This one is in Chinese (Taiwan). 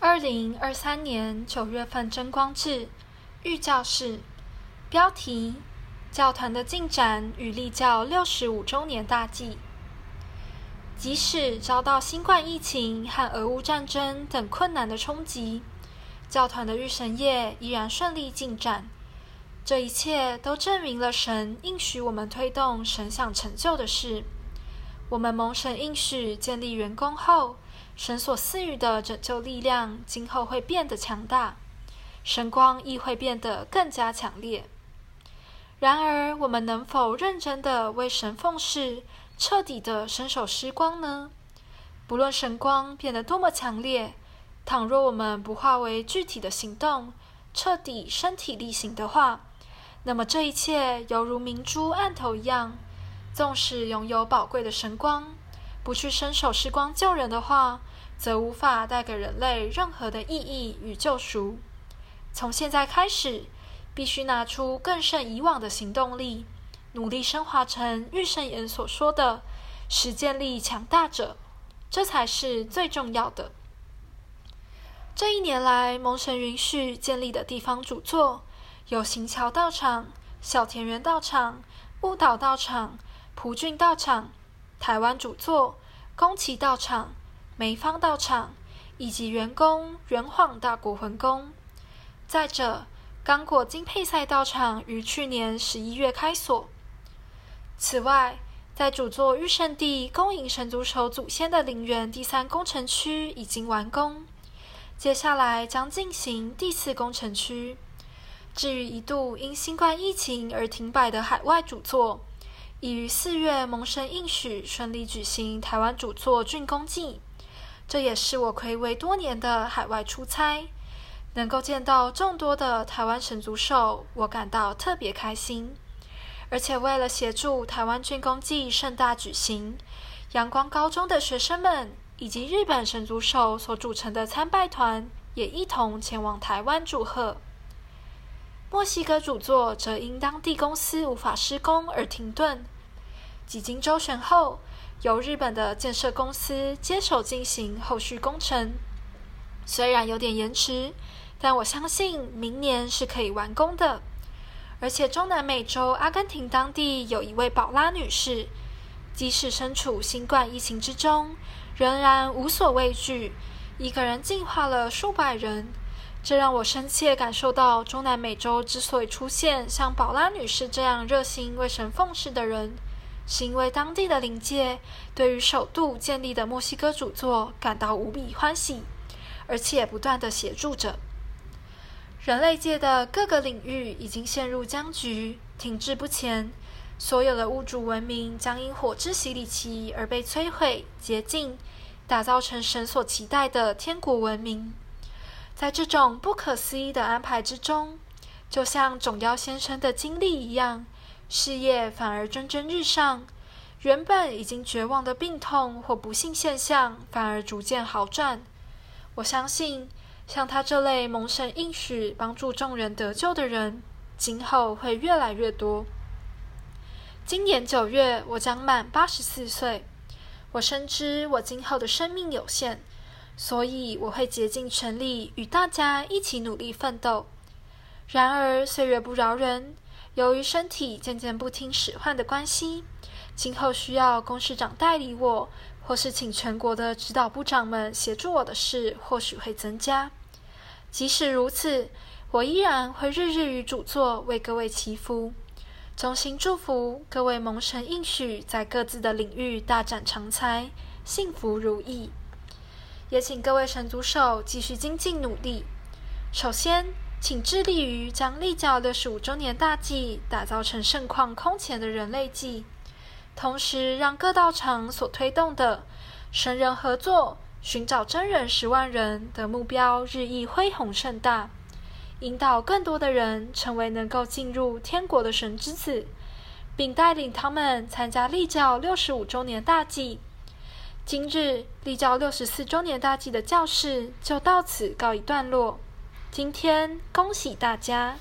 二零二三年九月份，真光誌御教示，標題：教團的進展與立教六十五周年大祭。即使遭到新冠疫情和俄烏戰爭等困難的衝擊，教團的御神業依然順利進展。這一切都證明了神應許我們推動神想成就的事。我們蒙神應許建立元宮後，神所賜予的拯救力量今後會變得強大，神光亦會變得更加強烈。然而，我們能否認真地為神奉侍、徹底地伸手施光呢？不論神光變得多麼強烈，倘若我們不化為具體的行動，徹底身體力行的話，那麼這一切猶如明珠暗投一樣。縱使擁有寶貴的神光，不去伸手施光救人的話，則無法帶給人類任何的意義與救贖。從現在開始，必須拿出更勝以往的行動力，努力升華成御聖言所說的“實踐力強大者”，這才是最重要的。這一年來，蒙神允許建立的地方主座有行橋道場、小田園道場、霧島道場。蒲俊道場、台灣主座、宮崎道場、梅芳道場以及員工圓晃大國魂宮。再者，剛果金佩賽道場於去年十一月開鎖。此外，在主座御聖地恭迎神組手祖先的陵園第三工程區已經完工，接下來將進行第四工程區。至於一度因新冠疫情而停擺的海外主座，已於四月蒙神應許，順利舉行台灣主座竣工祭。這也是我暌違多年的海外出差，能夠見到眾多的台灣神組手，我感到特別開心。而且為了協助台灣竣工祭盛大舉行，陽光高中的學生們以及日本神組手所組成的參拜團也一同前往台灣祝賀。墨西哥主座則因當地公司無法施工而停頓，幾經周旋後，由日本的建設公司接手進行後續工程。雖然有點延遲，但我相信明年是可以完工的。而且，中南美洲阿根廷當地有一位寶拉女士，即使身處新冠疫情之中，仍然無所畏懼，一個人淨化了數百人。這讓我深切感受到，中南美洲之所以出現像寶拉女士這樣熱心為神奉仕的人，是因為當地的靈界對於首度建立的墨西哥主座感到無比歡喜，而且不斷的協助着。人類界的各個領域已經陷入僵局，停滯不前。所有的物主文明將因火之洗禮期而被摧毀、潔淨，打造成神所期待的天國文明。在這種不可思議的安排之中，就像總要先生的經歷一樣，事業反而蒸蒸日上，原本已經絕望的病痛或不幸現象反而逐漸好轉。我相信，像他這類蒙神應許幫助眾人得救的人，今後會越來越多。今年九月，我將滿八十四歲，我深知我今後的生命有限。所以我會竭盡全力與大家一起努力奮鬥。然而歲月不饒人，由於身體漸漸不聽使喚的關係，今後需要公事長代理我，或是請全國的指導部長們協助我的事，或許會增加。即使如此，我依然會日日於主座為各位祈福，衷心祝福各位蒙神應許，在各自的領域大展長才，幸福如意。也請各位神組手繼續精進努力。首先，請致力於將立教六十五周年大祭打造成盛況空前的人類祭，同時讓各道場所推動的神人合作尋找真人十萬人的目標日益恢弘盛大，引導更多的人成為能夠進入天國的神之子，並帶領他們參加立教六十五周年大祭。今日立教六十四周年大祭的教室就到此告一段落。今天恭喜大家！